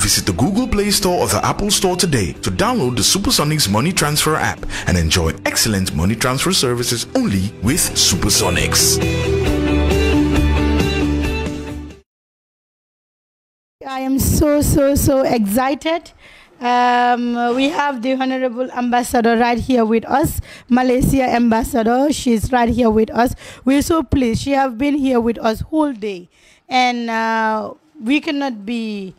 Visit the Google Play Store or the Apple Store today to download the Supersonics Money Transfer app and enjoy excellent money transfer services only with Supersonics. I am so, so, so excited. Um, we have the Honorable Ambassador right here with us, Malaysia Ambassador. She's right here with us. We're so pleased. She has been here with us whole day. And uh, we cannot be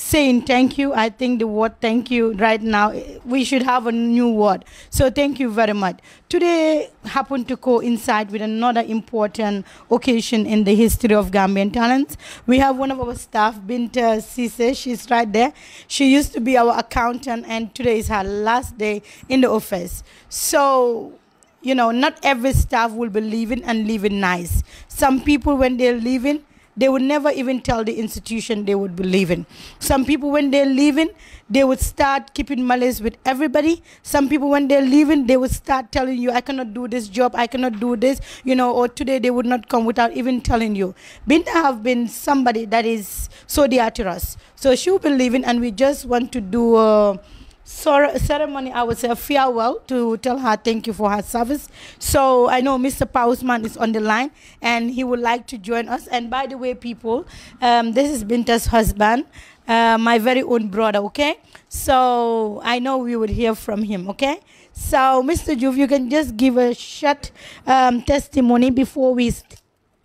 saying thank you. I think the word thank you right now, we should have a new word. So thank you very much. Today happened to coincide with another important occasion in the history of Gambian talents. We have one of our staff, Binta Sise, she's right there. She used to be our accountant and today is her last day in the office. So you know, not every staff will be leaving and leaving nice. Some people, when they're leaving, they would never even tell the institution they would be leaving. Some people, when they're leaving, they would start keeping malice with everybody. Some people, when they're leaving, they would start telling you, I cannot do this job, I cannot do this, you know, or today they would not come without even telling you. Binta have been somebody that is so dear to us. So she'll be leaving, and we just want to do. Uh, ceremony, I would say farewell to tell her thank you for her service. So I know Mr. Pausman is on the line and he would like to join us. And by the way, people, um, this is Binta's husband, uh, my very own brother, okay? So I know we would hear from him, okay? So, Mr. Juve, you can just give a short um, testimony before we st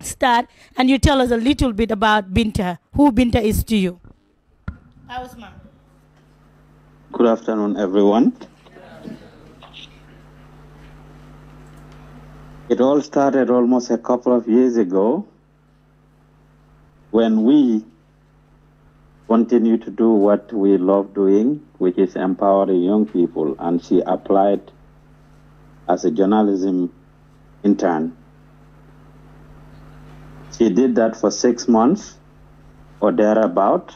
start and you tell us a little bit about Binta, who Binta is to you. Pausman. Good afternoon, everyone. It all started almost a couple of years ago when we continued to do what we love doing, which is empowering young people. And she applied as a journalism intern. She did that for six months or thereabout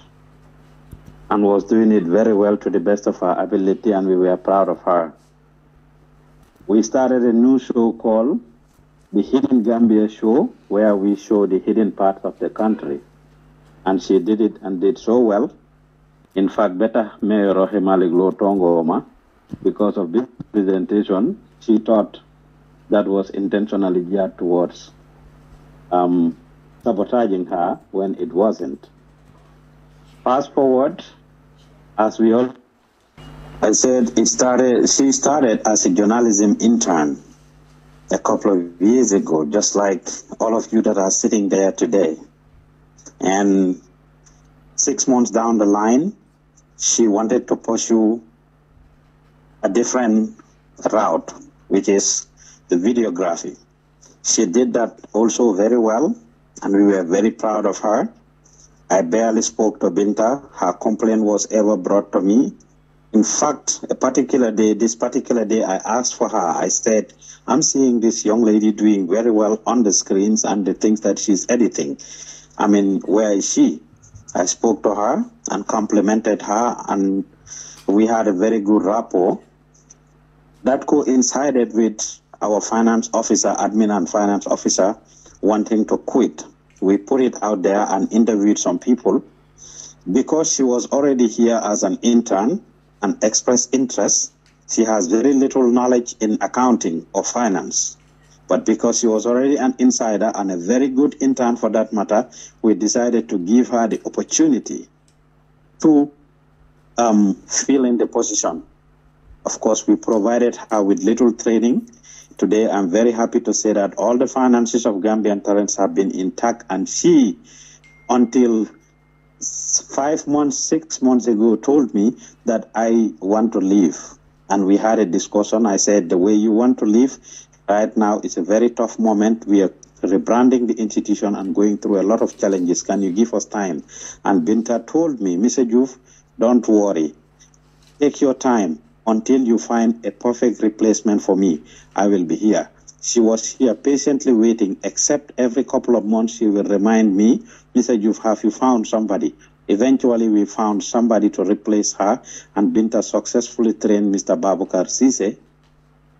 and was doing it very well to the best of her ability, and we were proud of her. We started a new show called The Hidden Gambia Show, where we show the hidden parts of the country. And she did it and did so well. In fact, better Mayor Rohimali Glotongo Oma, because of this presentation, she thought that was intentionally geared towards um, sabotaging her when it wasn't. Fast forward as we all I said it started she started as a journalism intern a couple of years ago, just like all of you that are sitting there today. And six months down the line, she wanted to pursue a different route, which is the videography. She did that also very well, and we were very proud of her. I barely spoke to Binta. Her complaint was ever brought to me. In fact, a particular day, this particular day, I asked for her. I said, I'm seeing this young lady doing very well on the screens and the things that she's editing. I mean, where is she? I spoke to her and complimented her, and we had a very good rapport. That coincided with our finance officer, admin and finance officer, wanting to quit we put it out there and interviewed some people. Because she was already here as an intern and expressed interest, she has very little knowledge in accounting or finance. But because she was already an insider and a very good intern for that matter, we decided to give her the opportunity to um, fill in the position. Of course, we provided her with little training Today, I'm very happy to say that all the finances of Gambian talents have been intact, and she, until five months, six months ago, told me that I want to leave. And we had a discussion. I said, The way you want to leave right now is a very tough moment. We are rebranding the institution and going through a lot of challenges. Can you give us time? And Binta told me, Mr. Juve, don't worry. Take your time until you find a perfect replacement for me, I will be here. She was here patiently waiting, except every couple of months she will remind me, Mr. You've you found somebody? Eventually, we found somebody to replace her, and Binta successfully trained Mr. Babukar Sise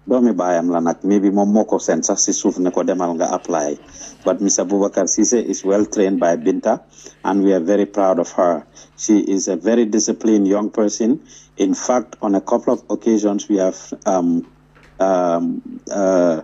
doomi baayam la nag mi bi moom moo sax si suuf ne ko demal nga apply but Miss Abubakar Sise is well trained by Binta and we are very proud of her she is a very disciplined young person in fact on a couple of occasions we have um, um, uh,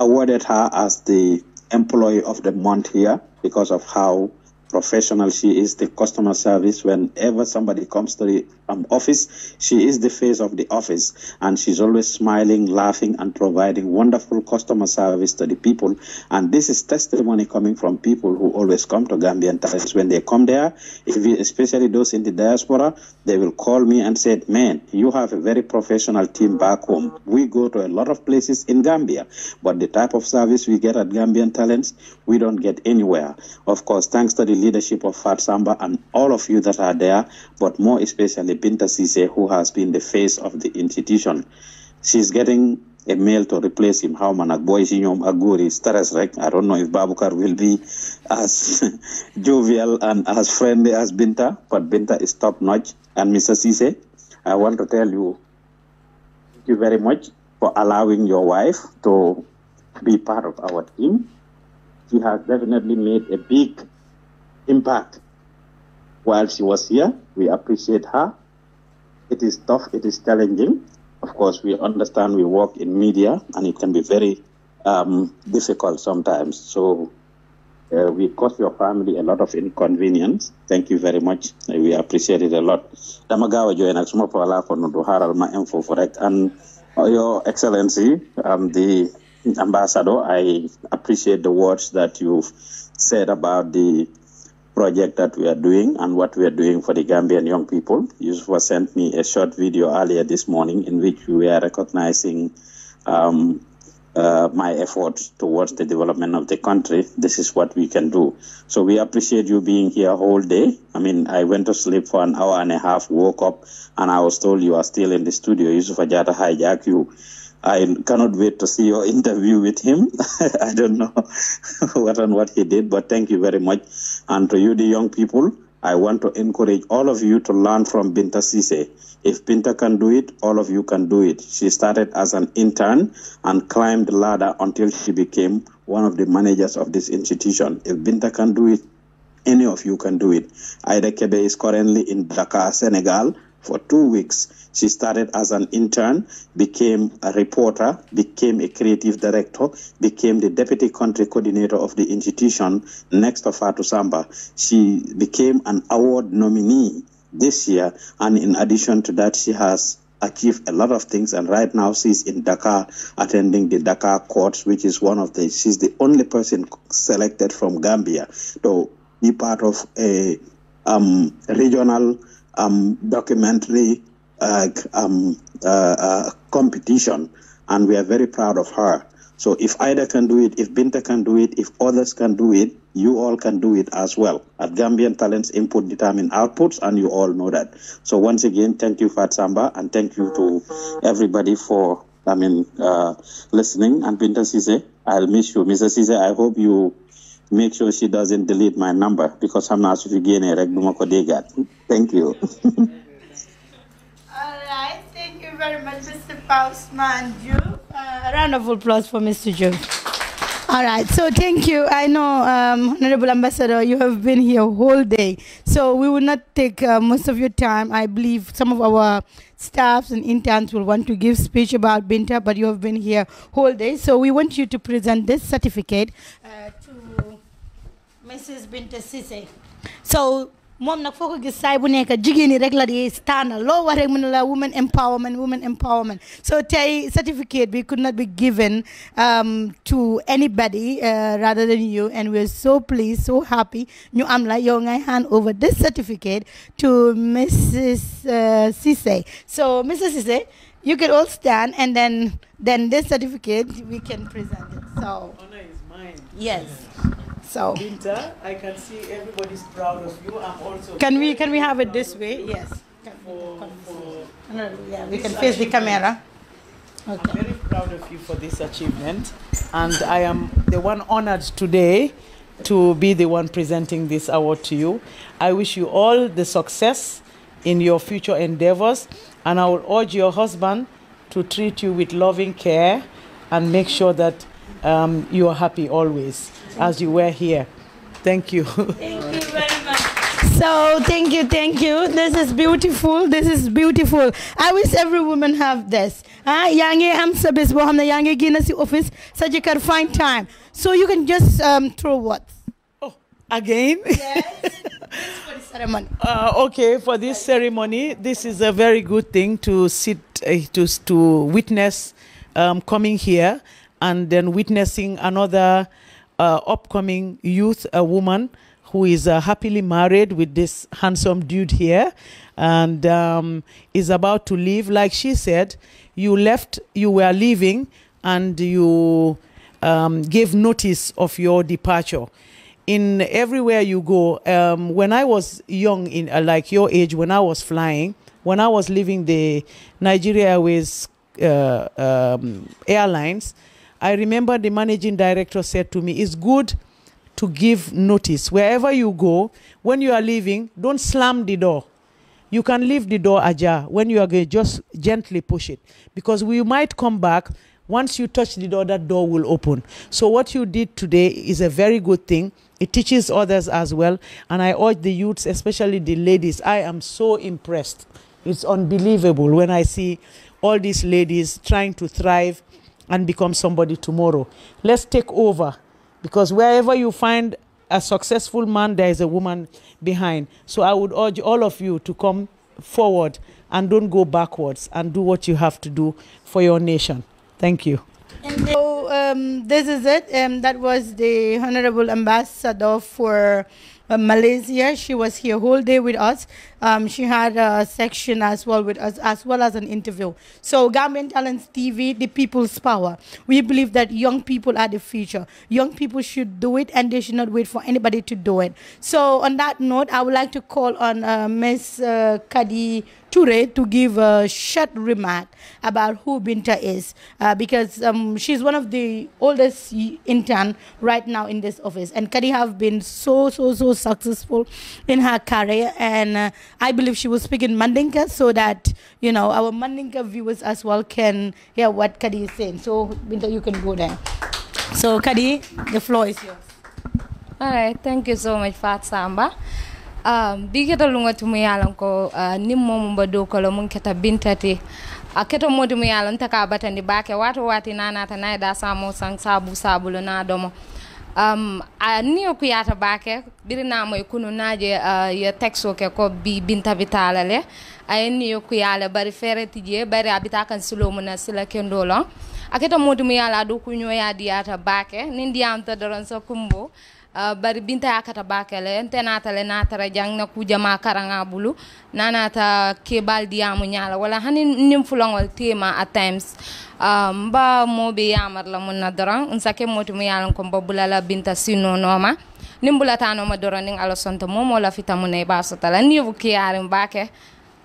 awarded her as the employee of the month here because of how professional she is the customer service whenever somebody comes to the um, office. She is the face of the office, and she's always smiling, laughing, and providing wonderful customer service to the people. And this is testimony coming from people who always come to Gambian Talents. When they come there, especially those in the diaspora, they will call me and say, "Man, you have a very professional team back home. We go to a lot of places in Gambia, but the type of service we get at Gambian Talents, we don't get anywhere." Of course, thanks to the leadership of Fat Samba and all of you that are there, but more especially Binta Sise, who has been the face of the institution. She's getting a male to replace him. How Managboy Shinyom Aguri Stares Rek. I don't know if Babukar will be as jovial and as friendly as Binta, but Binta is top notch. And Mr. Sise, I want to tell you, thank you very much for allowing your wife to be part of our team. She has definitely made a big impact while she was here. We appreciate her. It is tough, it is challenging. Of course, we understand we work in media and it can be very um, difficult sometimes. So uh, we cost your family a lot of inconvenience. Thank you very much. We appreciate it a lot. Damagawa for haral ma for And uh, your excellency, um, the ambassador, I appreciate the words that you've said about the project that we are doing and what we are doing for the Gambian young people. Yusufa sent me a short video earlier this morning in which we are recognizing um, uh, my efforts towards the development of the country. This is what we can do. So we appreciate you being here whole day. I mean, I went to sleep for an hour and a half, woke up, and I was told you are still in the studio. Yusufa to hijack you. I cannot wait to see your interview with him. I don't know what and what he did, but thank you very much. And to you, the young people, I want to encourage all of you to learn from Binta Sise. If Binta can do it, all of you can do it. She started as an intern and climbed the ladder until she became one of the managers of this institution. If Binta can do it, any of you can do it. Aida Kebe is currently in Dakar, Senegal for two weeks she started as an intern, became a reporter, became a creative director, became the deputy country coordinator of the institution next of her to Samba. She became an award nominee this year, and in addition to that, she has achieved a lot of things and right now she's in Dakar attending the Dakar courts which is one of the she's the only person selected from Gambia to be part of a um, regional um, documentary uh, um, uh, uh, competition, and we are very proud of her. So if Ida can do it, if Binta can do it, if others can do it, you all can do it as well. At Gambian Talents, input determine outputs, and you all know that. So once again, thank you, Fat Samba, and thank you to everybody for, I mean, uh, listening. And Binta Sise, I'll miss you. Mr. Sise, I hope you make sure she doesn't delete my number because I'm not sure if you gain a Thank you. you very much, Mr. Faustman Uh, a round of applause for Mr. Joe. All right, so thank you. I know, um, Honorable Ambassador, you have been here whole day, so we will not take uh, most of your time. I believe some of our staffs and interns will want to give speech about Binta, but you have been here whole day, so we want you to present this certificate uh, to Mrs. Binta Sise. So Mom, nag foo gis bu nekk jigéen ñi rek la di tànnal loo wax rek mu la women empowerment women empowerment so tay certificate we could not be given um, to anybody uh, rather than you and we're so pleased so happy ñu am la yow ngay hand over this certificate to Mrs. Uh, Cissé so Mrs. Cissé you can all stand and then then this certificate we can present it so. Honor is mine. Yes. So. Binta, I can see everybody's proud of you. I'm also. Can we can we have it this way? Yes. For, for yeah, we can face the camera. Okay. I'm very proud of you for this achievement, and I am the one honored today to be the one presenting this award to you. I wish you all the success in your future endeavors, and I will urge your husband to treat you with loving care and make sure that um, you are happy always, as you were here. Thank you. Thank you very much. So thank you, thank you. This is beautiful. This is beautiful. I wish every woman have this. Ah, yangi am service bohamna yangi ginasi office so you can find time. So you can just um, throw what? Oh, again? Yes. Uh, okay, for this ceremony, this is a very good thing to sit uh, to to witness um, coming here and then witnessing another uh, upcoming youth, a woman who is uh, happily married with this handsome dude here and um, is about to leave. Like she said, you left, you were leaving, and you um, gave notice of your departure. In everywhere you go, um, when I was young, in uh, like your age, when I was flying, when I was leaving the Nigeria Airways uh, um, airlines, I remember the managing director said to me, It's good to give notice. Wherever you go, when you are leaving, don't slam the door. You can leave the door ajar when you are going, just gently push it. Because we might come back. Once you touch the door, that door will open. So, what you did today is a very good thing. It teaches others as well. And I urge the youths, especially the ladies, I am so impressed. It's unbelievable when I see all these ladies trying to thrive and become somebody tomorrow. Let's take over because wherever you find a successful man, there is a woman behind. So I would urge all of you to come forward and don't go backwards and do what you have to do for your nation. Thank you. so um, this is it. Um, that was the Honorable Ambassador for uh, Malaysia. She was here whole day with us. Um, she had a section as well with us, as well as an interview. So Gambian Talents TV, the people's power. We believe that young people are the future. Young people should do it, and they should not wait for anybody to do it. So on that note, I would like to call on uh, Ms. Uh, Kadi Toure to give a short remark about who Binta is, uh, because um, she's one of the oldest intern right now in this office, and Kadi have been so so so successful in her career and. Uh, I believe she will speak in Mandinka so that, you know, our Mandinka viewers as well can hear what Kadi is saying. So, Binta, you can go there. So, Kadi, the floor is yours. All right. Thank you so much, Fat Samba. Um, bigeta lunga tumiyalan ko uh, nim mom ba do lo mun keta bintati Aketo keto modi mu yalan ta ka batandi wati na da samu sang sabu sabu na domo um, a niyo kuyata bake birinamo e kununaje uh, ye texo ke ko bi binta bitala le ay niyo kuyala bari fere tije bari abita kan silo muna sila kendo lo aketa modi mu yala do kunyo ya diata bake nin diam ta doron so kumbo bari binta yakata bakele nte natale natara jang na kuja ma karanga bulu nanata kebal diamu nyala wala hani nim fulongol tema at times um, ah, ba mobe yamar la mun nadara nsake moti mu yalan ko babula la binta sino noma nimbula tanoma doro ning ala sonto momo la fitamu ne basotala nivu kiyarim bake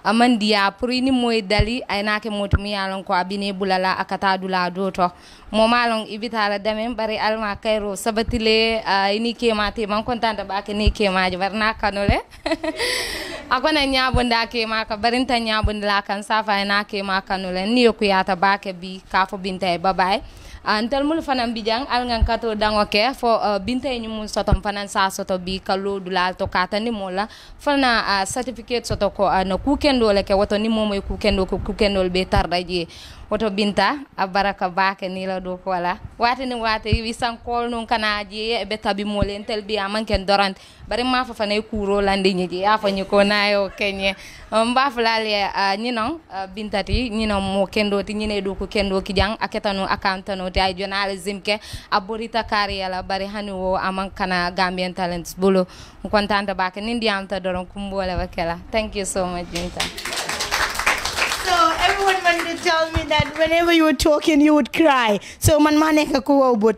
Aman diya pour ni moy dali aynake motum yalon ko abine bulala akata dula doto mo malon ibitala dame, bari alma kairo sabatile uh, ini kema te man kontanta ba ke ne kema je barna kanole akona nyabunda kema ka barinta nyabunda la kan safa ina ma kanole ni ku yata ba ke bi kafo binta e babaye antel ah, mul fanan bijang al ngan kato dango ke fo bintay eh, binte nyum sotom fanan sa soto bi kalu dulal to kata ni mola fana ah, certificate soto ko uh, no kukendo le ke woto ni ku kendo ku kendo be tardaje woto binta a baraka bake nila do ko wala ni wate wi kol non kana ji e be tabi len tel bi ken dorant bari ma fa fanay kuro lande ji ya fa nyiko nayo kenye mba um, fulale uh, nyino uh, bintati non mo kendo ti ne do ko kendo ki jang aketanu akantano ti ay journalism ke borita kariya la bari hani wo am kana gambian talents bulu kontanta bake ndiam ta doron kumbole wakela thank you so much binta everyone wanted to tell me that whenever you were talking, you would cry. So, man, man,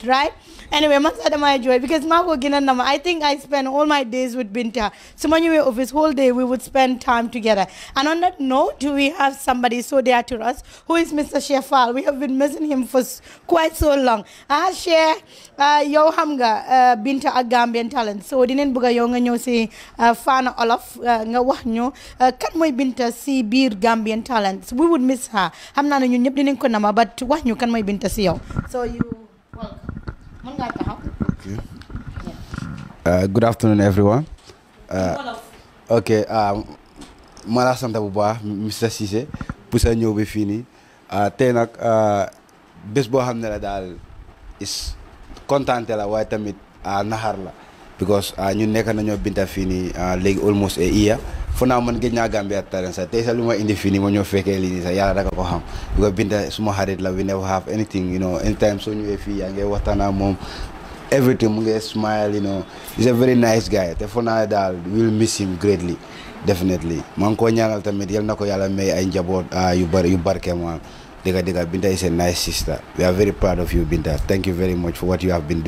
right? Anyway, masada my joy because mago ginanama. I think I spend all my days with Binta. So anyway, of his whole day we would spend time together. And on that note, we have somebody so dear to us who is Mr. Shefal. We have been missing him for quite so long. Ah, share uh, your hunger uh, Binta a Gambian talent. so dinañ bëgg a yow nga ñëw si uh, Fana Olof nga wah nyo. kan mooy Binta si biir Gambian So we would miss her xam naa ne ñun ñëpp dinañ ko nama but wax ñu kan mooy Binta si yow so you welcome Okay. Uh, good afternoon, everyone. Uh, okay, euh, ma bu baax Mr Cissé pour sa ñëw bi fii nii euh, tey nag euh, bés boo xam ne la daal is la waaye tamit naxar la. because ah, ñun nekk nañoo binta fii nii ah, léegi almost a year fo naa man géej naa Gambia talent sax tey sax lu ma indi fii nii ma ñoo fekkee lii nii sax yàlla daka ko xam because binta suma xarit la we never have anything you know anytime soo ñëwee fii yaa ngi waxtaan moom everything mu ngi smile you know he's a very nice guy te fo naa daal will miss him greatly definitely maa ngi koo ñaanal tamit yal na ko yàlla may ay njaboot ah, yu barke maam Diga Diga Binta is a nice sister. We are very proud of you, Binta. Thank you very much for what you have been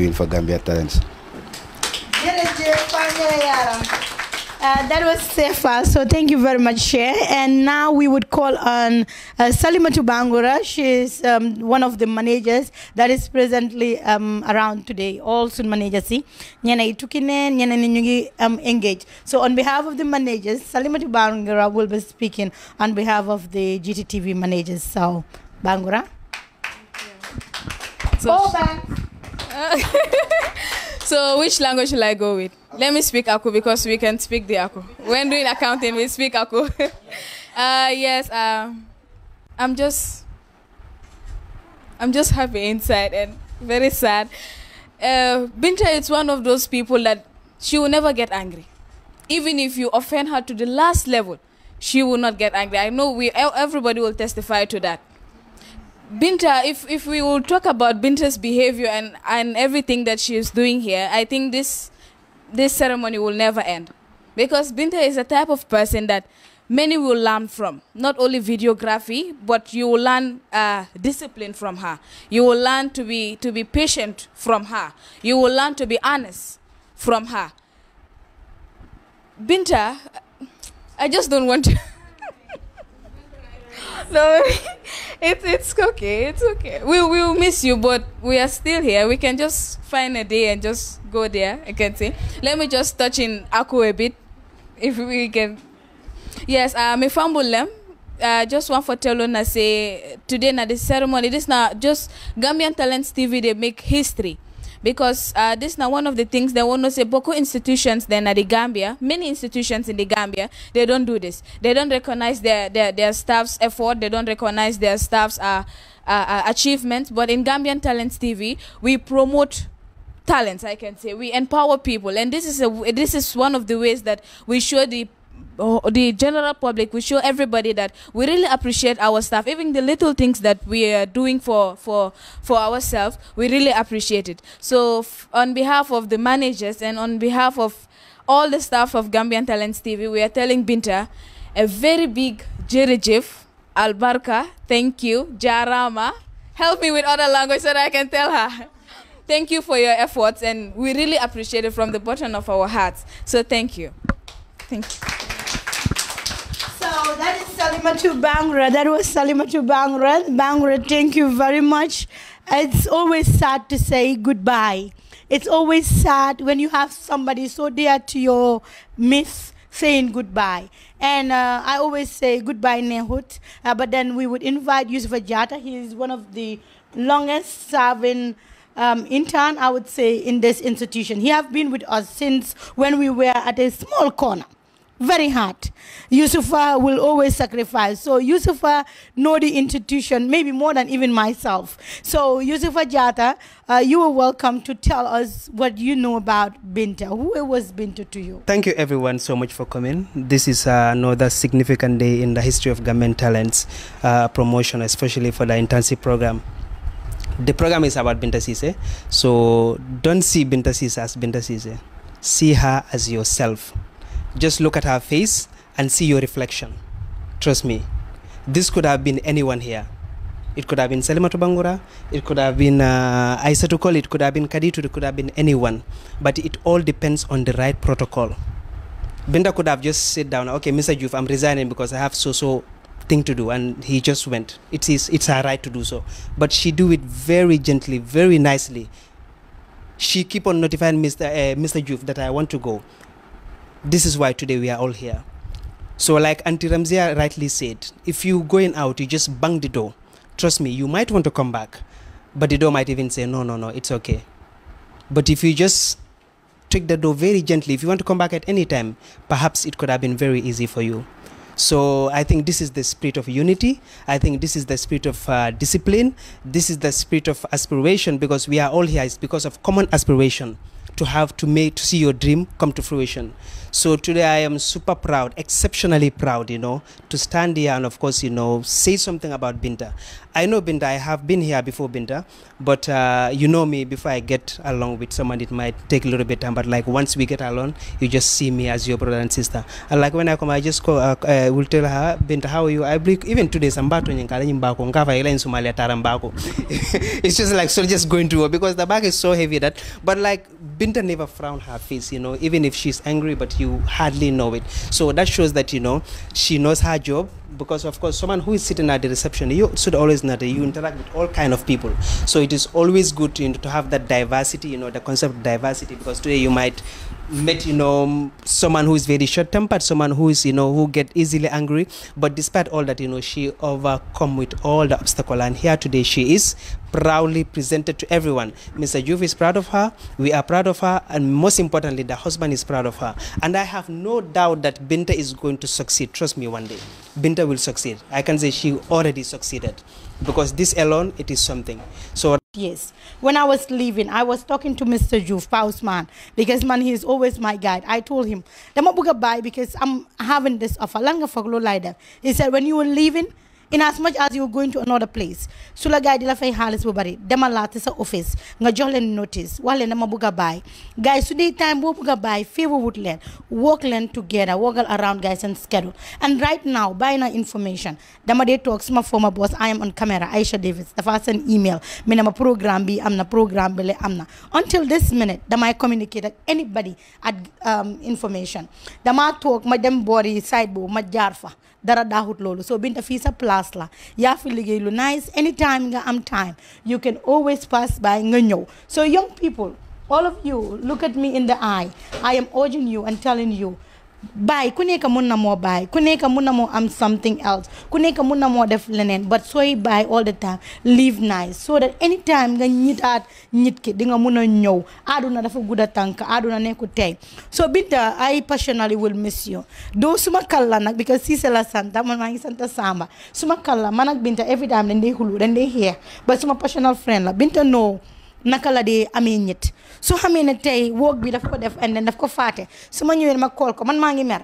Uh, that was Sefa, so thank you very much, Cher. And now we would call on uh, Salima Tubangura. She's um, one of the managers that is presently um, around today, all student managers. ninyugi um, engaged. So on behalf of the managers, Salima Tubangura will be speaking on behalf of the GTTV managers. So, Bangura. Thank you. So, So which language should I go with? Let me speak Aku because we can speak the Aku. When doing accounting, we speak Aku. uh, yes, Um, I'm just, I'm just happy inside and very sad. Uh, Binta is one of those people that she will never get angry. Even if you offend her to the last level, she will not get angry. I know we everybody will testify to that. Binta, if, if we will talk about Binta's behavior and, and everything that she is doing here, I think this, this ceremony will never end. Because Binta is a type of person that many will learn from. Not only videography, but you will learn uh, discipline from her. You will learn to be, to be patient from her. You will learn to be honest from her. Binta, I just don't want to. no, it, it's okay. It's okay. We will miss you, but we are still here. We can just find a day and just go there. I can see. Let me just touch in Aku a bit, if we can. Yes, I uh, am fambulem. Uh, just one for tell I say today na the ceremony. This na just Gambian Talents TV. They make history because uh, this now one of the things they want to say Boko institutions then at the Gambia, many institutions in the Gambia, they don't do this. They don't recognize their, their, their staff's effort. They don't recognize their staff's uh, uh, uh achievements. But in Gambian Talents TV, we promote talents i can say we empower people and this is a this is one of the ways that we show the the general public, we show everybody that we really appreciate our staff, even the little things that we are doing for for for ourselves, we really appreciate it. So, on behalf of the managers and on behalf of all the staff of Gambian Talents TV, we are telling Binta a very big jerejef, albarka, thank you, jarama. Help me with other language so that I can tell her. thank you for your efforts, and we really appreciate it from the bottom of our hearts. So, thank you. Thank you that is Salima to Bangra. That was Salima to Bangra. Bangra, thank you very much. It's always sad to say goodbye. It's always sad when you have somebody so dear to your miss saying goodbye. And uh, I always say goodbye, Nehut. Uh, but then we would invite Yusuf Ajata. He is one of the longest serving um, intern, I would say, in this institution. He has been with us since when we were at a small corner very hard. Yusufa will always sacrifice. So Yusufa know the institution, maybe more than even myself. So Yusufa Jata, uh, you are welcome to tell us what you know about Binta. Who was Binta to you? Thank you everyone so much for coming. This is uh, another significant day in the history of government talents uh, promotion, especially for the internship program the program is about Binta Sise. So don't see Binta Sise as Binta Sise. See her as yourself just look at her face and see your reflection. Trust me, this could have been anyone here. It could have been Selima Tobangura, it could have been uh, Isa call it could have been Kaditu, it could have been anyone. But it all depends on the right protocol. Benda could have just sit down, okay, Mr. Juf, I'm resigning because I have so so thing to do and he just went it's his, it's her right to do so but she do it very gently very nicely she keep on notifying mr uh, mr juve that i want to go this is why today we are all here. So, like Auntie Ramzia rightly said, if you going out, you just bang the door. Trust me, you might want to come back, but the door might even say, no, no, no, it's okay. But if you just take the door very gently, if you want to come back at any time, perhaps it could have been very easy for you. So I think this is the spirit of unity. I think this is the spirit of uh, discipline. This is the spirit of aspiration because we are all here. It's because of common aspiration to have to make to see your dream come to fruition. So today I am super proud, exceptionally proud, you know, to stand here and of course, you know, say something about Binta. I know Binta, I have been here before Binta, but uh, you know me, before I get along with someone, it might take a little bit time, but like once we get along, you just see me as your brother and sister. And like when I come, I just call, uh, uh, will tell her, Binta, how are you? I believe even today, Sambato Nyinkala Ngava Ila in Somalia Tarambako. It's just like, so just going to work because the bag is so heavy that, but like Binta never frown her face, you know, even if she's angry, but you you hardly know it. So that shows that, you know, she knows her job because of course someone who is sitting at the reception you should always know that you interact with all kind of people so it is always good to, you know, to have that diversity you know the concept of diversity because today you might met you know someone who is very short tempered someone who is you know who get easily angry but despite all that you know she overcome with all the obstacle and here today she is proudly presented to everyone mr juve is proud of her we are proud of her and most importantly the husband is proud of her and i have no doubt that binta is going to succeed trust me one day binta will succeed i can say she already succeeded because this alone it is something so Yes, When I was leaving, I was talking to Mr. Juve Faustman because man, he is always my guide. I told him, "Dama buga buy because I'm having this offer." Langa faglo He said, "When you were leaving." in as much as you're going to another place so la gars di la fay xaalis bu bari demal sa office nga jox leen notice wax leen dama bugg a bàyyi gars su dee time boo bugg a bàyyi wut leen work leen together workal around guys and schedule and right now bàyyi na information dama dee toog suma former boss I am on camera Aisha Davis dafa seen email mi ne ma programme bi am programme bi le am not. until this minute damay communicate ak anybody at um, information dama toog ma dem boori site boobu ma jaar dara daaxut loolu so Binta fii sa place la yaa fi lu nice anytime nga am time you can always pass by nga ñëw so young people all of you look at me in the eye I am urging you and telling you bàyyi ku nekk mun na moo bàyyi ku nekk mun na moo am something else ku nekk mun na moo def leneen but sooy bàyyi all the time live nice so that anytime nga ñitaat ñit ki di nga mun a ñëw àdduna dafa gudda tànk àdduna nekku tey so Binta I personally will miss you Do suma kalla nag because Ceesay la santa man maa ngi santa Samba suma kalla man ak Binta every time dañ dee xulu dañ dee xeex ba suma personal friend la Binta no naka la dee ñit so xamee ne tey woog bi daf ko def and then daf ko fate. So ma ñëwee ne ma kool ko man maa ngi mer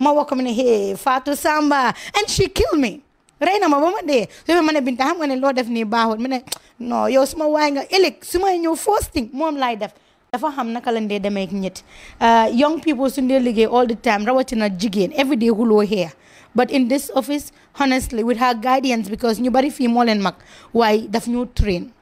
ma woo ko mu ne Fatou Samba and she kill me rey na ma ba ma dee su ma ne Binta xam nga ne loo def nii baaxul mu ne non yow su ma waay nga ëllëg su may ñëw fasting moom laay def dafa xam naka lañ dee demee ak ñett uh, young people suñ dee liggéey all the time rawatina jigéen every day xuloo xeex but in this office honestly with her guidance because ñu bari fii moo leen mag waaye daf ñu train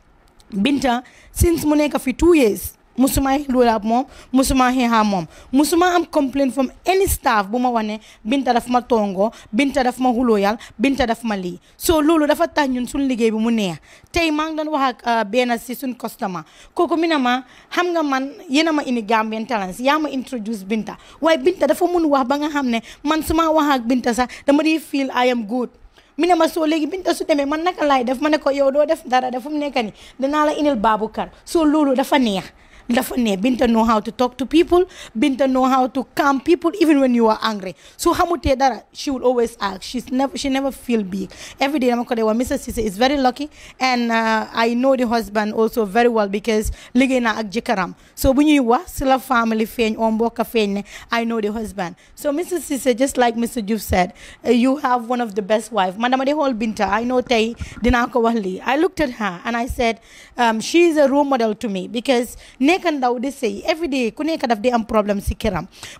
Binta since mu nekk fi two years musuma loolu mom, moom musuma ha mom musuma am complaint from any staff Buma wane binta daf ma tongo binta daf ma huloyal binta daf ma li so lulu dafa tax ñun suñ liggéey bi mu neex tay ma ngi don wax ak uh, ben si sun customer koku minama xam nga man yéen ma Gambian Talents yama ma introduce binta way binta dafa mun wax ba nga xamne man suma wax ak binta sa, dama di feel I am good Minama ma so legi binta su demee man naka lay def ma ko yow do def dara dafa nekani dana la danaa babu kar so dafa neex lafane binta know how to talk to people binta know how to calm people even when you are angry so hamute dara she will always ask she's never she never feel big every day I'm say, Mr. Sisi is very lucky and uh, I know the husband also very well because liggéey naa ak so when you were si family friend, oo mbokka feeñ I know the husband so Mrs. Sisi just like Mr. Juf said uh, you have one of the best wife Madam, de xool Binta I know tay dinaa wax I looked at her and I said um, she is a role model to me because nekk di every day ku nekk daf am problème si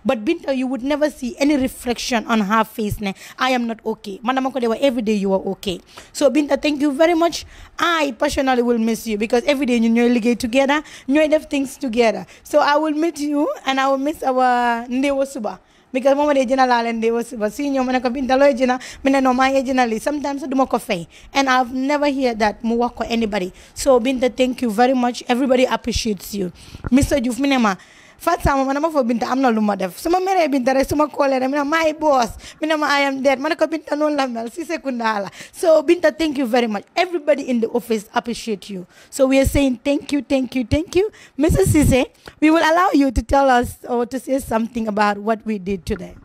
but Binta you would never see any reflection on her face ne I am not okay man ko every day you are okay so Binta thank you very much I personally will miss you because every you ñun get together you def things together so I will meet you and I will miss our ndewo suba because mama de jina and they was was senior mana kabinta lo jina mina no ma jina li sometimes do moko fe and I've never hear that mu wako anybody so Binta thank you very much everybody appreciates you Mr. Jufminema fat sama ma ne ma foo Binta am na lu ma def su ma meree Binta rek su ma koolee rek mi ne maay boss mi ne ma I am dead ma ne ko Binta noonu la mel si sekunda so Binta thank you very much everybody in the office appreciate you so we are saying thank you thank you thank you Mrs. Cisse we will allow you to tell us or to say something about what we did today.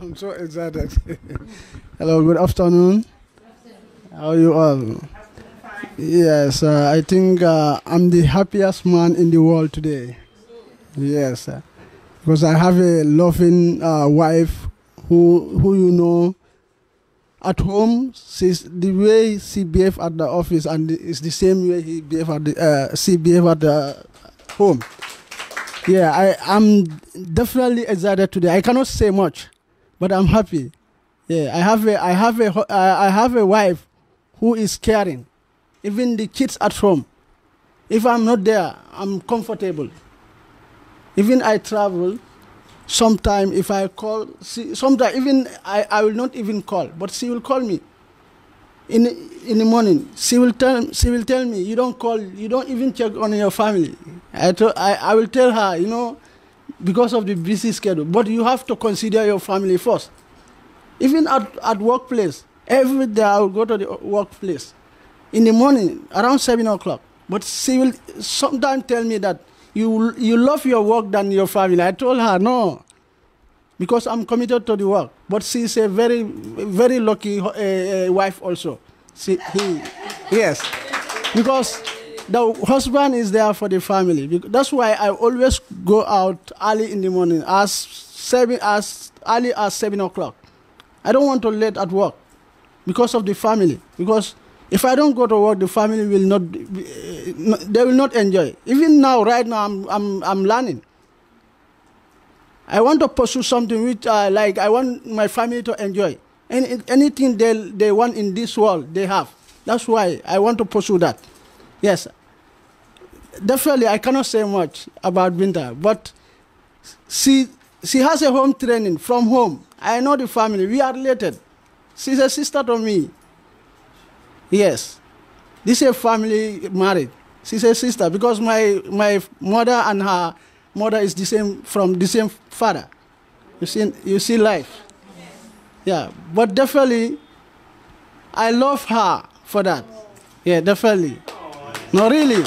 I'm, so excited. Hello, good afternoon. good afternoon. How are you all? Yes, uh, I think uh, I'm the happiest man in the world today. Yes, because I have a loving uh, wife who who you know at home she's the way she behave at the office and it's the same way he behave at the uh, she behave at the home. Yeah, I am definitely excited today. I cannot say much, but I'm happy. Yeah, I have a I have a I have a wife who is caring, even the kids at home. If I'm not there, I'm comfortable. Even I travel, sometime if I call, she, sometime even I, I will not even call, but she will call me. In, in the morning, she will tell she will tell me you don't call, you don't even check on your family. I, I, I will tell her, you know, because of the busy schedule. But you have to consider your family first. Even at, at workplace, every day I will go to the workplace in the morning around seven o'clock. But she will sometimes tell me that you, you love your work than your family. I told her, no, because I'm committed to the work. But she's a very, very lucky uh, uh wife also. She, he, yes, because the husband is there for the family. That's why I always go out early in the morning, as seven, as early as seven o'clock. I don't want to late at work because of the family. Because if I don't go to work, the family will not, uh, they will not enjoy. Even now, right now, I'm, I'm, I'm learning. I want to pursue something which, I like, I want my family to enjoy. any anything they, they want in this world, they have. That's why I want to pursue that. Yes. Definitely, I cannot say much about Binta, but she, she has a home training from home. I know the family. We are related. She's a sister to me. Yes. This is a family marriage. She's a sister because my my mother and her mother is the same from the same father. You see you see life. Yeah. But definitely I love her for that. Yeah, definitely. No really.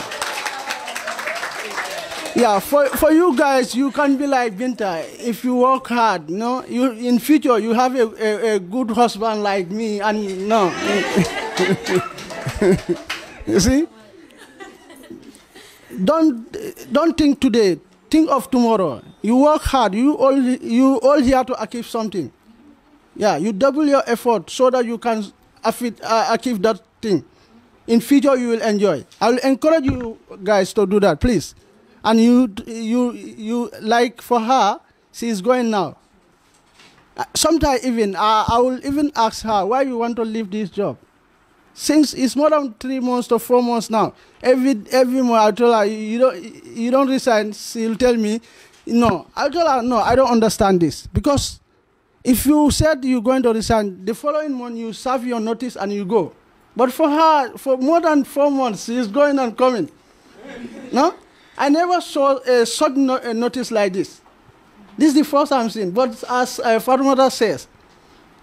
Yeah, for, for you guys, you can be like Binta. If you work hard, No, you in future you have a, a, a good husband like me and no. you see? Don't, don't think today, think of tomorrow. You work hard, you all, you all here to achieve something. Yeah, you double your effort so that you can achieve, uh, achieve that thing. In future, you will enjoy. I will encourage you guys to do that, please. And you, you, you like for her, she is going now. Uh, Sometimes even, uh, I will even ask her, why you want to leave this job? since it's more than three months to four months now. Every every month I tell her you don't you don't resign. She'll tell me, no. I tell her no. I don't understand this because if you said you're going to resign, the following month you serve your notice and you go. But for her, for more than four months, she's going and coming. no, I never saw a sudden no, a notice like this. This is the first time I'm seeing. But as uh, Father Mother says,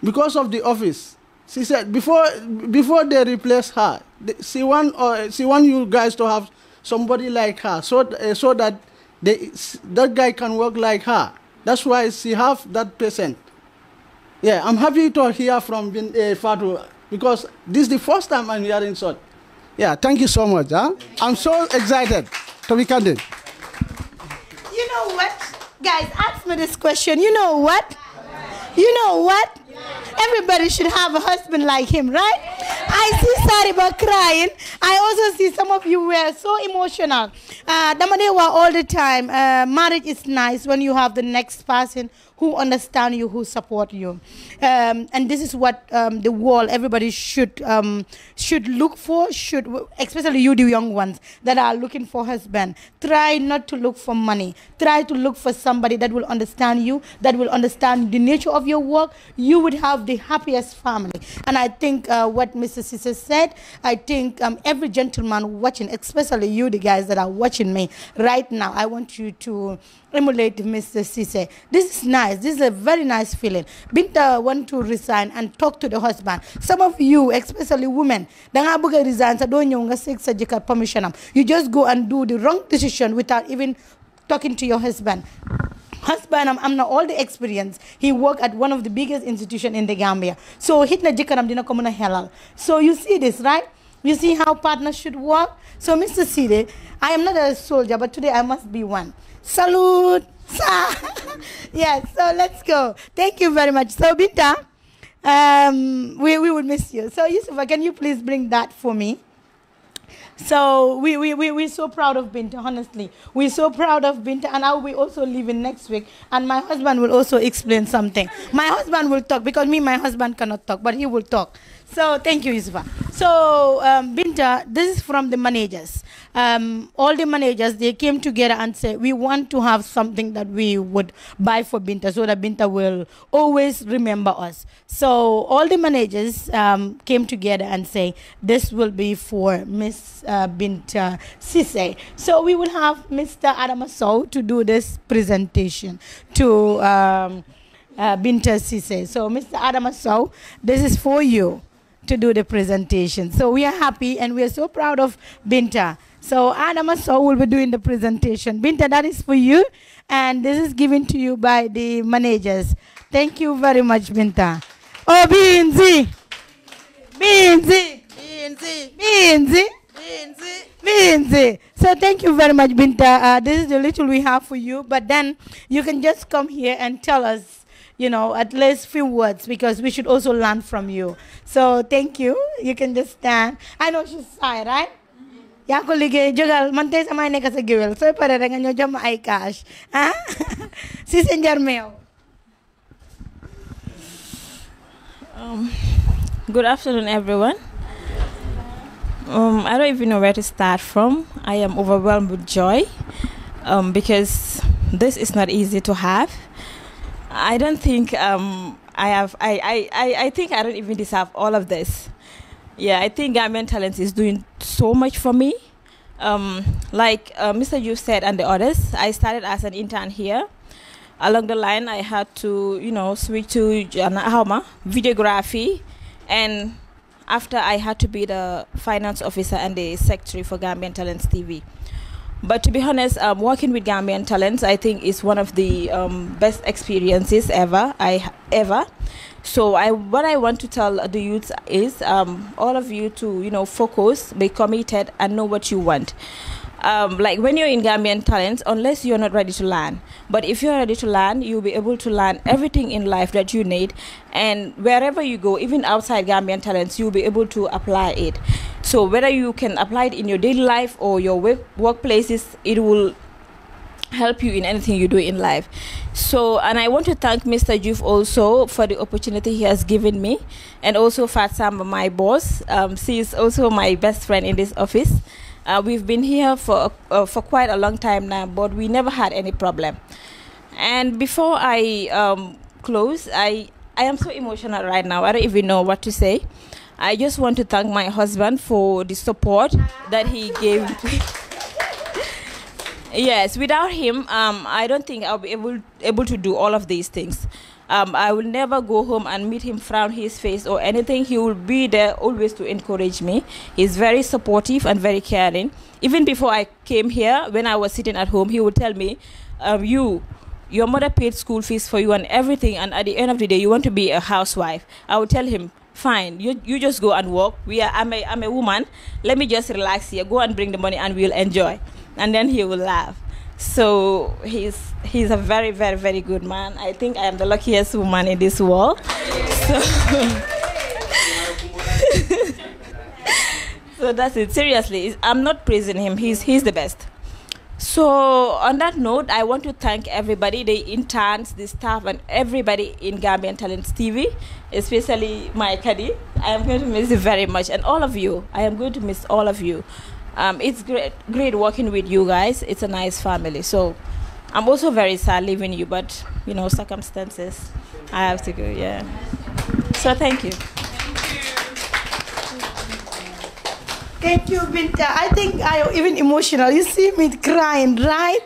because of the office, she said before before they replace her, she want uh, she want you guys to have somebody like her, so uh, so that they, that guy can work like her. That's why she have that person. Yeah, I'm happy to hear from Bin, uh, Fatu because this is the first time I'm hearing so. Yeah, thank you so much. Huh? I'm so excited to be candid. You know what? Guys, ask me this question. You know what? You know what? Everybody should have a husband like him, right? I see Sariba crying. I also see some of you were so emotional. Uh, Damadewa all the time, uh, marriage is nice when you have the next person who understand you, who support you. Um, and this is what um, the world, everybody should um, should look for, should especially you, the young ones that are looking for husband. Try not to look for money. Try to look for somebody that will understand you, that will understand the nature of your work. You would have the happiest family. And I think uh, what Mr. Sisse said, I think um, every gentleman watching, especially you, the guys that are watching me right now, I want you to emulate Mr. Sisse. This is nice nice. This is a very nice feeling. Binta want to resign and talk to the husband. Some of you, especially women, resign do permission You just go and do the wrong decision without even talking to your husband husband am am not all the experience he worked at one of the biggest institution in the Gambia so hit na jikaram dina ko so you see this right you see how partners should work so Mr. Side I am not a soldier but today I must be one salute yes, so let's go. Thank you very much. So, Binta, um, we, we would miss you. So, Yusufa, can you please bring that for me? So we, we, we, we're so proud of Binta, honestly. We're so proud of Binta, and I will be also leaving next week. And my husband will also explain something. My husband will talk, because me, my husband cannot talk, but he will talk. So thank you, Yusufa. So um, Binta, this is from the managers. Um, all the managers, they came together and said, we want to have something that we would buy for Binta so that Binta will always remember us. So all the managers um, came together and say, this will be for Miss uh, Binta Sise. So we will have Mr. Adamaso to do this presentation to um, uh, Binta Sise. So Mr. Adamaso, this is for you to do the presentation. So we are happy and we are so proud of Binta. So Anna will be doing the presentation. Binta, that is for you. And this is given to you by the managers. Thank you very much, Binta. Oh, Binzi! Binzi! Binzi! Binzi! Binzi! Binzi! So thank you very much, Binta. Uh, this is the little we have for you. But then you can just come here and tell us you know, at least few words because we should also learn from you. So thank you. You can just stand. I know she's shy, right? yaa ko liggéey jógal man tey samay nekk sa géwél sooy pare rek nga ay cash ah si sa njar um, good afternoon everyone um, I don't even know where to start from I am overwhelmed with joy um, because this is not easy to have I don't think um, I have. I, I, I think I don't even deserve all of this. Yeah, I think Gambian Talents is doing so much for me. Um, like uh, Mr. You said and the others, I started as an intern here. Along the line, I had to, you know, switch to Hama, videography, and after I had to be the finance officer and the secretary for Gambian Talents TV. But to be honest, um, working with Gambian talents, I think, is one of the um, best experiences ever. I ever. So I, what I want to tell the youth is um, all of you to you know focus, be committed, and know what you want um, like when you're in Gambian talents, unless you're not ready to learn. But if you're ready to learn, you'll be able to learn everything in life that you need. And wherever you go, even outside Gambian talents, you'll be able to apply it. So whether you can apply it in your daily life or your work workplaces, it will help you in anything you do in life. So, and I want to thank Mr. Juf also for the opportunity he has given me, and also Fatsamba, my boss. Um, she is also my best friend in this office. Uh, we've been here for uh, for quite a long time now, but we never had any problem. And before I um, close, I I am so emotional right now. I don't even know what to say. I just want to thank my husband for the support that he gave. yes, without him, um, I don't think I'll be able able to do all of these things um, I will never go home and meet him, frown his face or anything. He will be there always to encourage me. He's very supportive and very caring. Even before I came here, when I was sitting at home, he would tell me, um, You, your mother paid school fees for you and everything, and at the end of the day, you want to be a housewife. I would tell him, fine you you just go and work we are i'm a i'm a woman let me just relax here go and bring the money and we'll enjoy and then he will laugh so he's he's a very very very good man. I think I am the luckiest woman in this world. So, so that's it. Seriously, I'm not praising him. He's he's the best. So, on that note, I want to thank everybody the interns, the staff, and everybody in Gambian Talents TV, especially my caddy. I am going to miss you very much, and all of you. I am going to miss all of you um, it's great great working with you guys it's a nice family so i'm also very sad leaving you but you know circumstances i have to go yeah so thank you Thank you, Binta. I think I even emotional. You see me crying, right?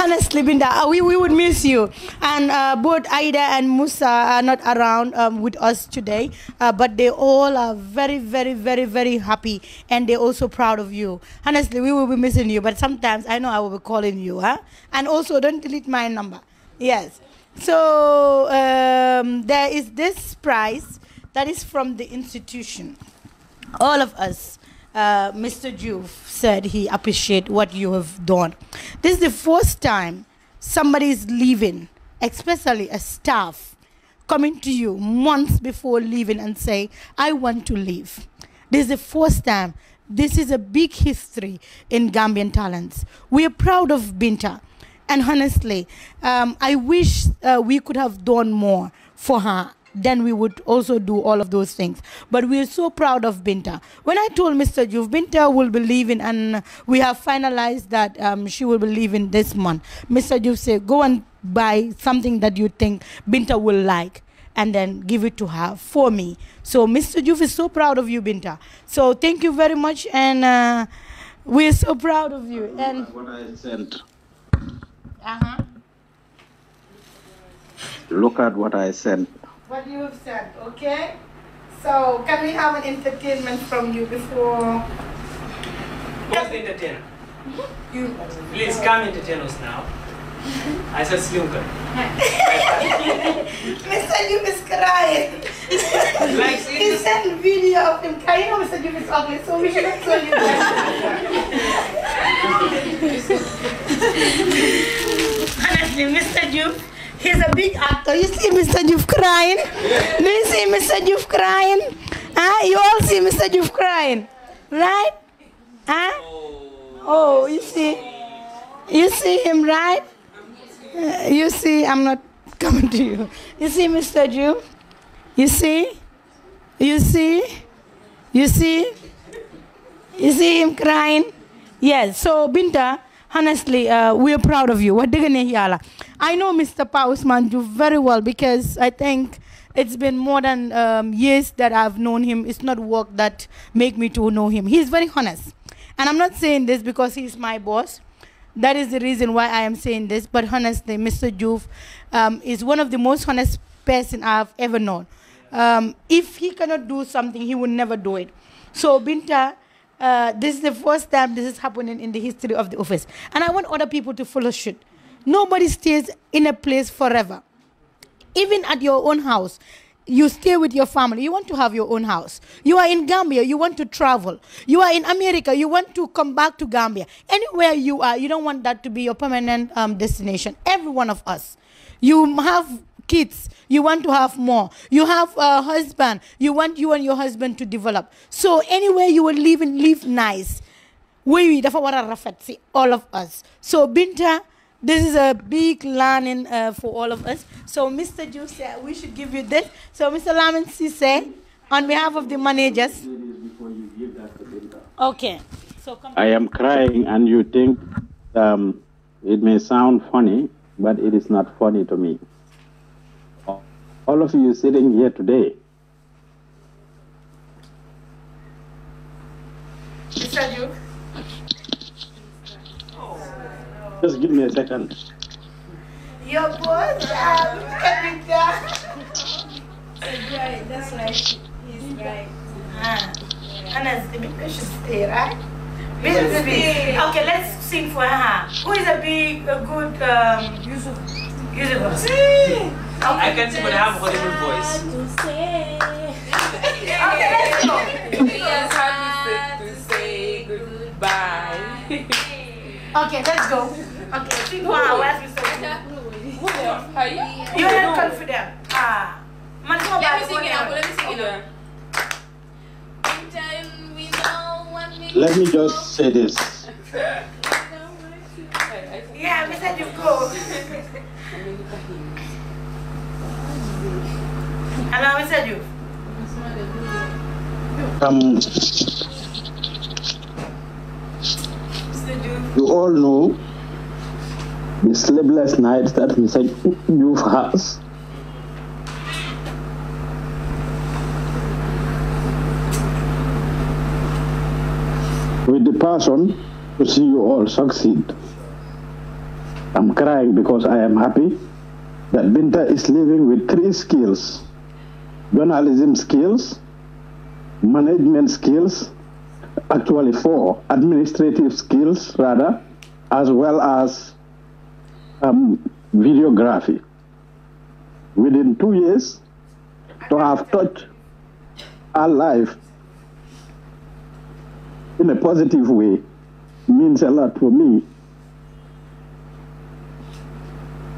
Honestly, Binta, uh, we, we would miss you. And uh, both Aida and Musa are not around um, with us today, uh, but they all are very, very, very, very happy, and they're also proud of you. Honestly, we will be missing you, but sometimes I know I will be calling you, huh? And also, don't delete my number. Yes. So um, there is this prize that is from the institution. All of us uh, Mr. Juve said he appreciate what you have done. This is the first time somebody is leaving, especially a staff, coming to you months before leaving and say, I want to leave. This is the first time. This is a big history in Gambian talents. We are proud of Binta. And honestly, um, I wish uh, we could have done more for her then we would also do all of those things. But we are so proud of Binta. When I told Mr. Juve, Binta will be leaving, and we have finalized that um, she will be leaving this month. Mr. Juve said, go and buy something that you think Binta will like and then give it to her for me. So Mr. Juve is so proud of you, Binta. So thank you very much, and uh, we're so proud of you. And what I sent. Uh huh. Look at what I sent what you have said, okay? So, can we have an entertainment from you before? Who's the entertainer? You. Please come entertain us now. I said snooker. Mr. You is crying. he sent video of him crying. I said you is ugly, so we should tell you that. Honestly, Mr. Duke, He's a big actor. You see Mr. Juf crying? Do you see Mr. Juf crying? Huh? You all see Mr. Juf crying, right? Huh? Oh, you see? You see him, right? Uh, you see, I'm not coming to you. You see Mr. Juf? You see? You see? You see? You see him crying? Yes, so Binta, honestly, uh, we're proud of you. What did you I know Mr. Pausman do very well because I think it's been more than um, years that I've known him. It's not work that make me to know him. He's very honest. And I'm not saying this because he's my boss. That is the reason why I am saying this. But honestly, Mr. Juve um, is one of the most honest person I've ever known. Um, if he cannot do something, he will never do it. So Binta, uh, this is the first time this is happening in the history of the office. And I want other people to follow suit. Nobody stays in a place forever. Even at your own house, you stay with your family. You want to have your own house. You are in Gambia, you want to travel. You are in America, you want to come back to Gambia. Anywhere you are, you don't want that to be your permanent um, destination. Every one of us. You have kids, you want to have more. You have a husband, you want you and your husband to develop. So anywhere you will live and live nice. We, all of us. So Binta, this is a big learning uh, for all of us. So, Mr. Juice, uh, we should give you this. So, Mr. Lamin Sise, on behalf of the managers. Okay. So I am crying, and you think um, it may sound funny, but it is not funny to me. All of you sitting here today. Mr. Juice. Just give me a second. Your boss um, coming down. right, that's right. He's right. Ah. Anna, the big should stay, right? Okay, let's sing for her. Who is a big, a good um, Yusuf? Yusuf. I can see but I have a Hollywood voice. okay, let's go. Okay, let's go. Okay, think wow, where's you? are not confident. Ah. Man, Let me sing it up. Let me sing it up. Let me just say this. yeah, we said you go. Hello, we said you. Um, you all know the sleepless nights that said you has. With the passion to see you all succeed. I'm crying because I am happy that Binta is living with three skills journalism skills, management skills, actually four administrative skills, rather, as well as um, videography. Within two years, to have touched our life in a positive way means a lot for me.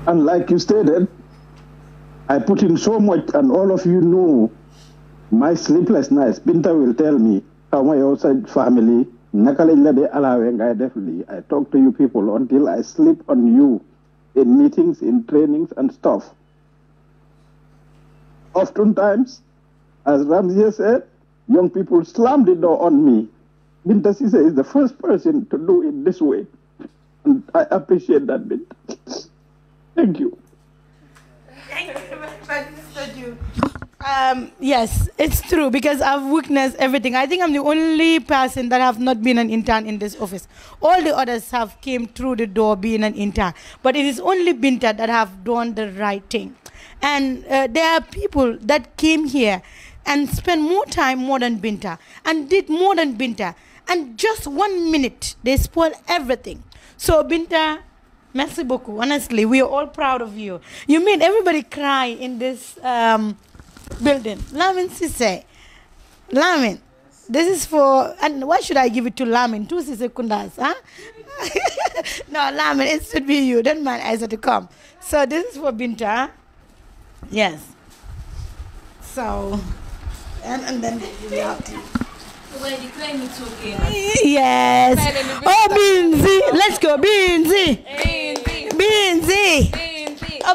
And like you stated, I put in so much, and all of you know my sleepless nights. Binta will tell me xaw ma yow sa family naka lañ la dee ngay def I talk to you people until I sleep on you in meetings in trainings and stuff oftentimes as Ramzia said young people slam the door on me Binta Sise is the first person to do it this way and I appreciate that bit. thank you. Thank you. Um, yes, it's true because I've witnessed everything. I think I'm the only person that have not been an intern in this office. All the others have came through the door being an intern, but it is only Binta that have done the right thing. And uh, there are people that came here and spent more time more than Binta and did more than Binta. And just one minute, they spoil everything. So Binta, merci beaucoup. Honestly, we are all proud of you. You made everybody cry in this um, building. Lamin Sise. Lamin. This is for, and why should I give it to Lamin? Two Sise huh? no, Lamin, it should be you. Don't mind said to come. So this is for Binta. Yes. So, and, and then we out. Yes. Oh, Binzi. Let's go. Binzi. Binzi. Binzi. Benzi. Oh,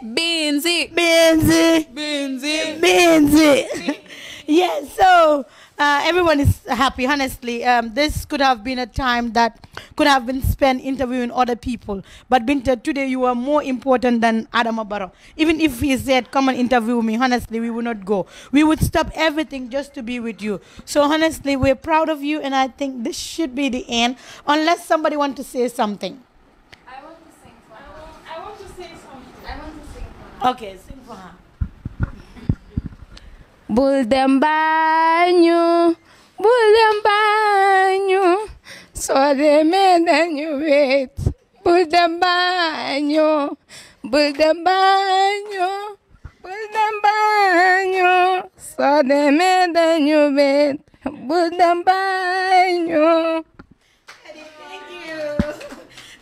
Benzi. Benzi. Benzi. Benzi. Benzi. yes, so uh, everyone is happy, honestly. Um, this could have been a time that could have been spent interviewing other people. But Binta, today you are more important than Adam Abaro. Even if he said, come and interview me, honestly, we would not go. We would stop everything just to be with you. So honestly, we're proud of you, and I think this should be the end, unless somebody wants to say something. Okay, sing for her. Bul dem bañu, bul dem bañu, soo demee dañu wéet. Bul dem bañu, bul dem bañu, bul dem bañu, soo demee dañu wéet. Bul dem bañu.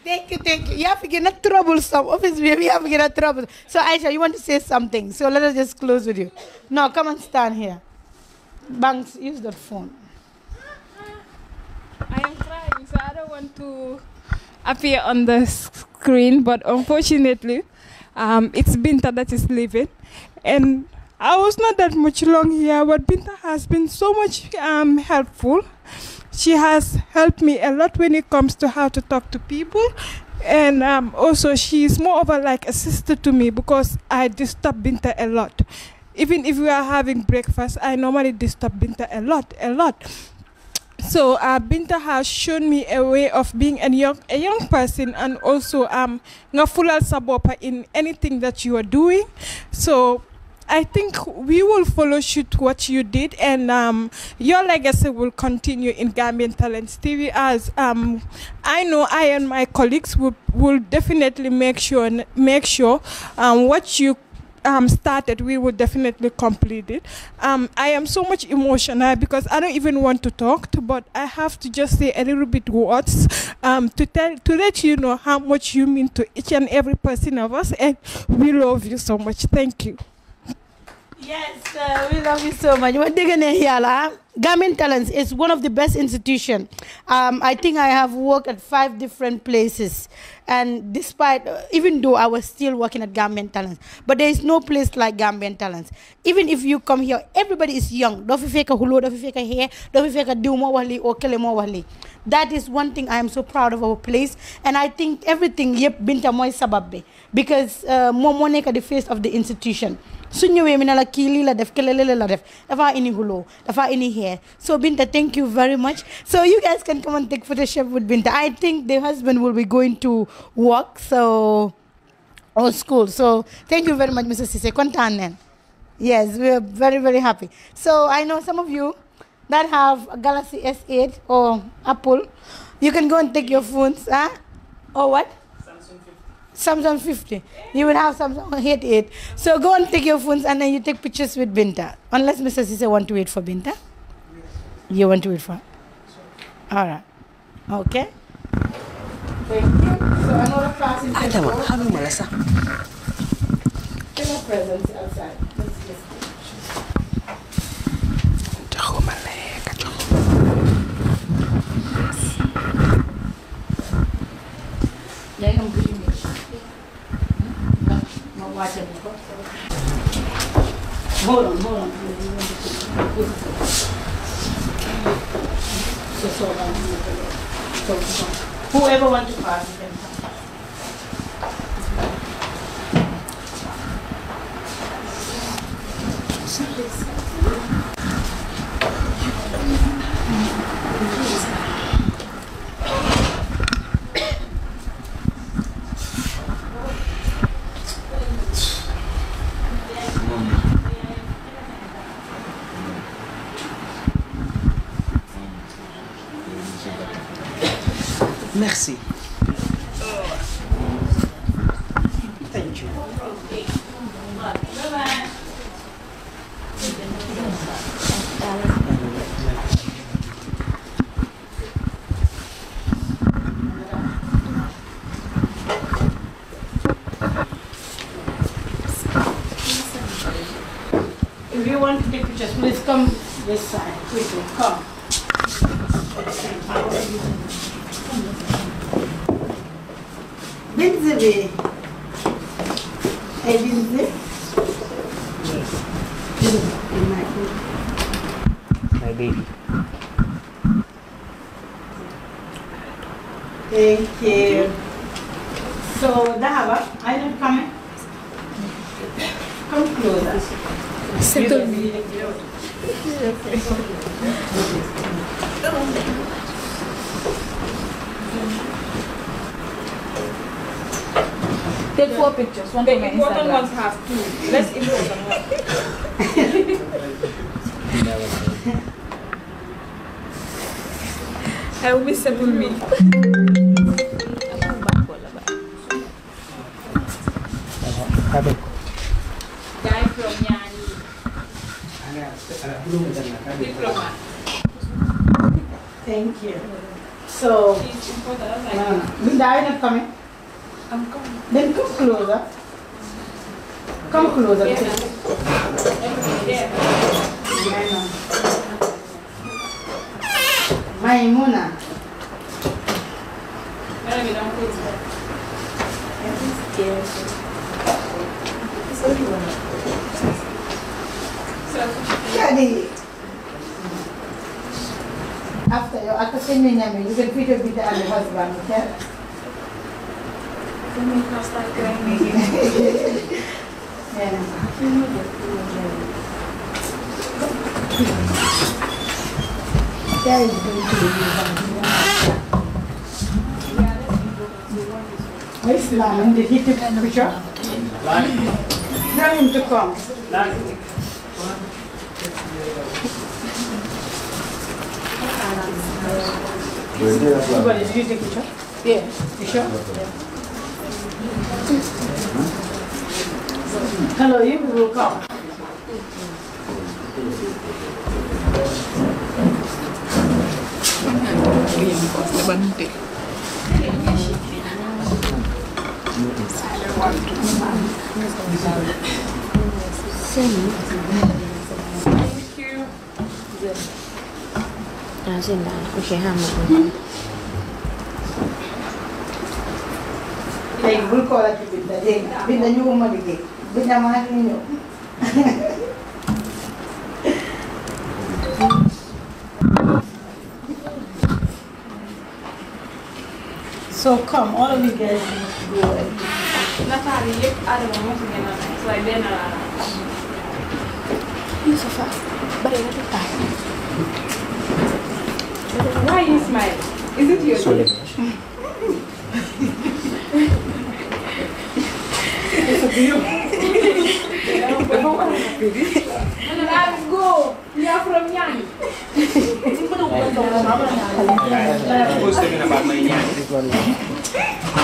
Thank you, thank you. You have to get not troublesome. Obviously, baby, you have to get not trouble. So, Aisha, you want to say something. So, let us just close with you. No, come and stand here. Banks, use that phone. I am trying, so I don't want to appear on the screen, but unfortunately, um, it's Binta that is leaving. And I was not that much long here, but Binta has been so much um, helpful she has helped me a lot when it comes to how to talk to people and um, also she's more of a like a sister to me because I disturb Binta a lot. Even if we are having breakfast, I normally disturb Binta a lot, a lot. So uh, Binta has shown me a way of being a young, a young person and also um, a sabopa in anything that you are doing. So I think we will follow suit what you did, and um, your legacy will continue in Gambian Talents TV. As um, I know, I and my colleagues will will definitely make sure make sure um, what you um, started, we will definitely complete it. Um, I am so much emotional because I don't even want to talk, to, but I have to just say a little bit words um, to tell to let you know how much you mean to each and every person of us, and we love you so much. Thank you. Yes, uh, we love you so much. We're digging in here. lah? Gambian Talents is one of the best institutions. Um, I think I have worked at five different places. And despite, uh, even though I was still working at Gambian Talents, but there is no place like Gambian Talents. Even if you come here, everybody is young. Dofi feka hulu, dofi feka hair, dofi feka dumo wali, or kelemo wali. That is one thing I am so proud of our place. And I think everything, yep, binta moy sababbe. Because uh, Momoneka the face of the institution su ñëwee mi ne la def kële la def dafa indi xuloo dafa indi xeer so Binta thank you very much so you guys can come and take photoshop with Binta I think the husband will be going to work so or school so thank you very much mrs Cissé kontaan yes we are very very happy so I know some of you that have Galaxy S8 or Apple you can go and take your phones ah or what Samsung 50. You will have Samsung 88. So go and take your phones and then you take pictures with Binta. Unless Mr. Sise want to wait for Binta. Yes. You want to wait for All right. Okay. Thank you. So another class in Adama, how do you Melissa? Pillow presents outside. Yeah, I'm good watch it. Hold on, hold on. Whoever wants to pass, can pass. Merci. Thank you. If you want to take pictures, please come this side quickly. Come. Benzi Bey. My baby. Thank you. So, Dahava, I don't come in. Come closer. Sit on me. Take yeah. four pictures. One the from important Instagram. ones have two. Less important ones. I will be seven me. know the Yeah. After your after sending them, you can your husband, okay? Gel İslam'ın dediği kuşa. Lan intikam. Lan Böyle yapalım. Böyle bir kuşa. Bir kuşa. Kaloriyi biz vulkan. Bende. Thank you. À, xin lỗi, cô sẽ hàm một Lei vulkola ti pinda, pinda nyuma di Binamahan ninyo. so come, all of you guys need to go and Natalie, look at the moment again. So I've been around. You so fast. But you're not fast. Why you smile? Is it your Sorry. it's a deal. Let's go. We are from Nyan. Gusto ko na ba may Nyan?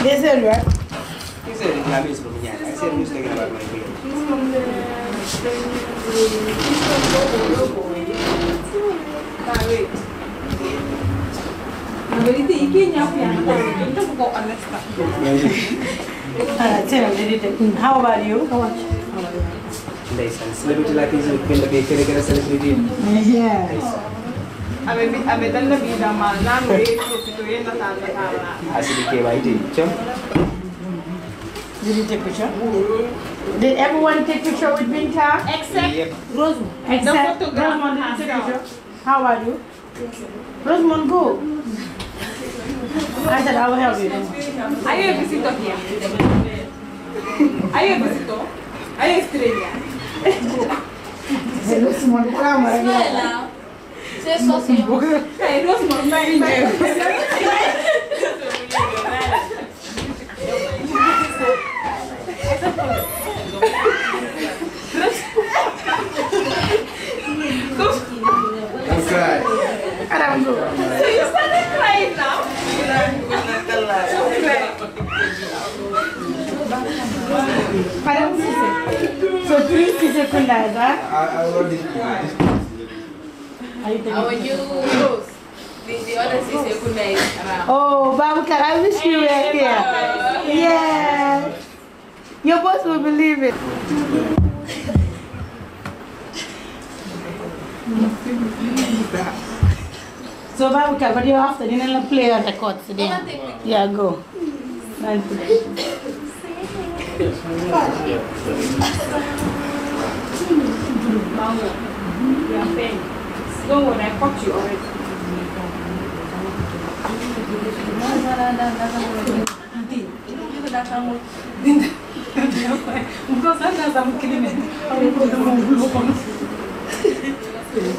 This is what? This is Nyan is from Nyan. I said gusto ko na ba may Nyan? Nabalitiin kanya ako yan. Ito ko ko alas na. Uh, how about you? How about you? Ndeysaan celebrity laa koy jël kenn kay kër kër celebrity yeah ame bi ame tan na bi da ma na mo e ko fito e na tan na ala asili ke ba ite cham Did you take picture? Did everyone take picture with Binta? Except yep. Rosemond. Except Rosemond has a picture. How are you? Rosemond, go. I said I will help you. Are you a visitor here? Are you a visitor? Are you a stranger? Hello, Simon. Come on. Smile now. Say something. Hello, Simon. My Don't cry. So you started crying now? para sisig. So three sisig ko na, ba? I want this. I want you close. Oh, vamos I wish you were here. Yeah. Your boss will believe it. Thank So Baba, we can go there after dinner and play the court today. Yeah, go. Don't worry, I caught you already. Because I'm killing it.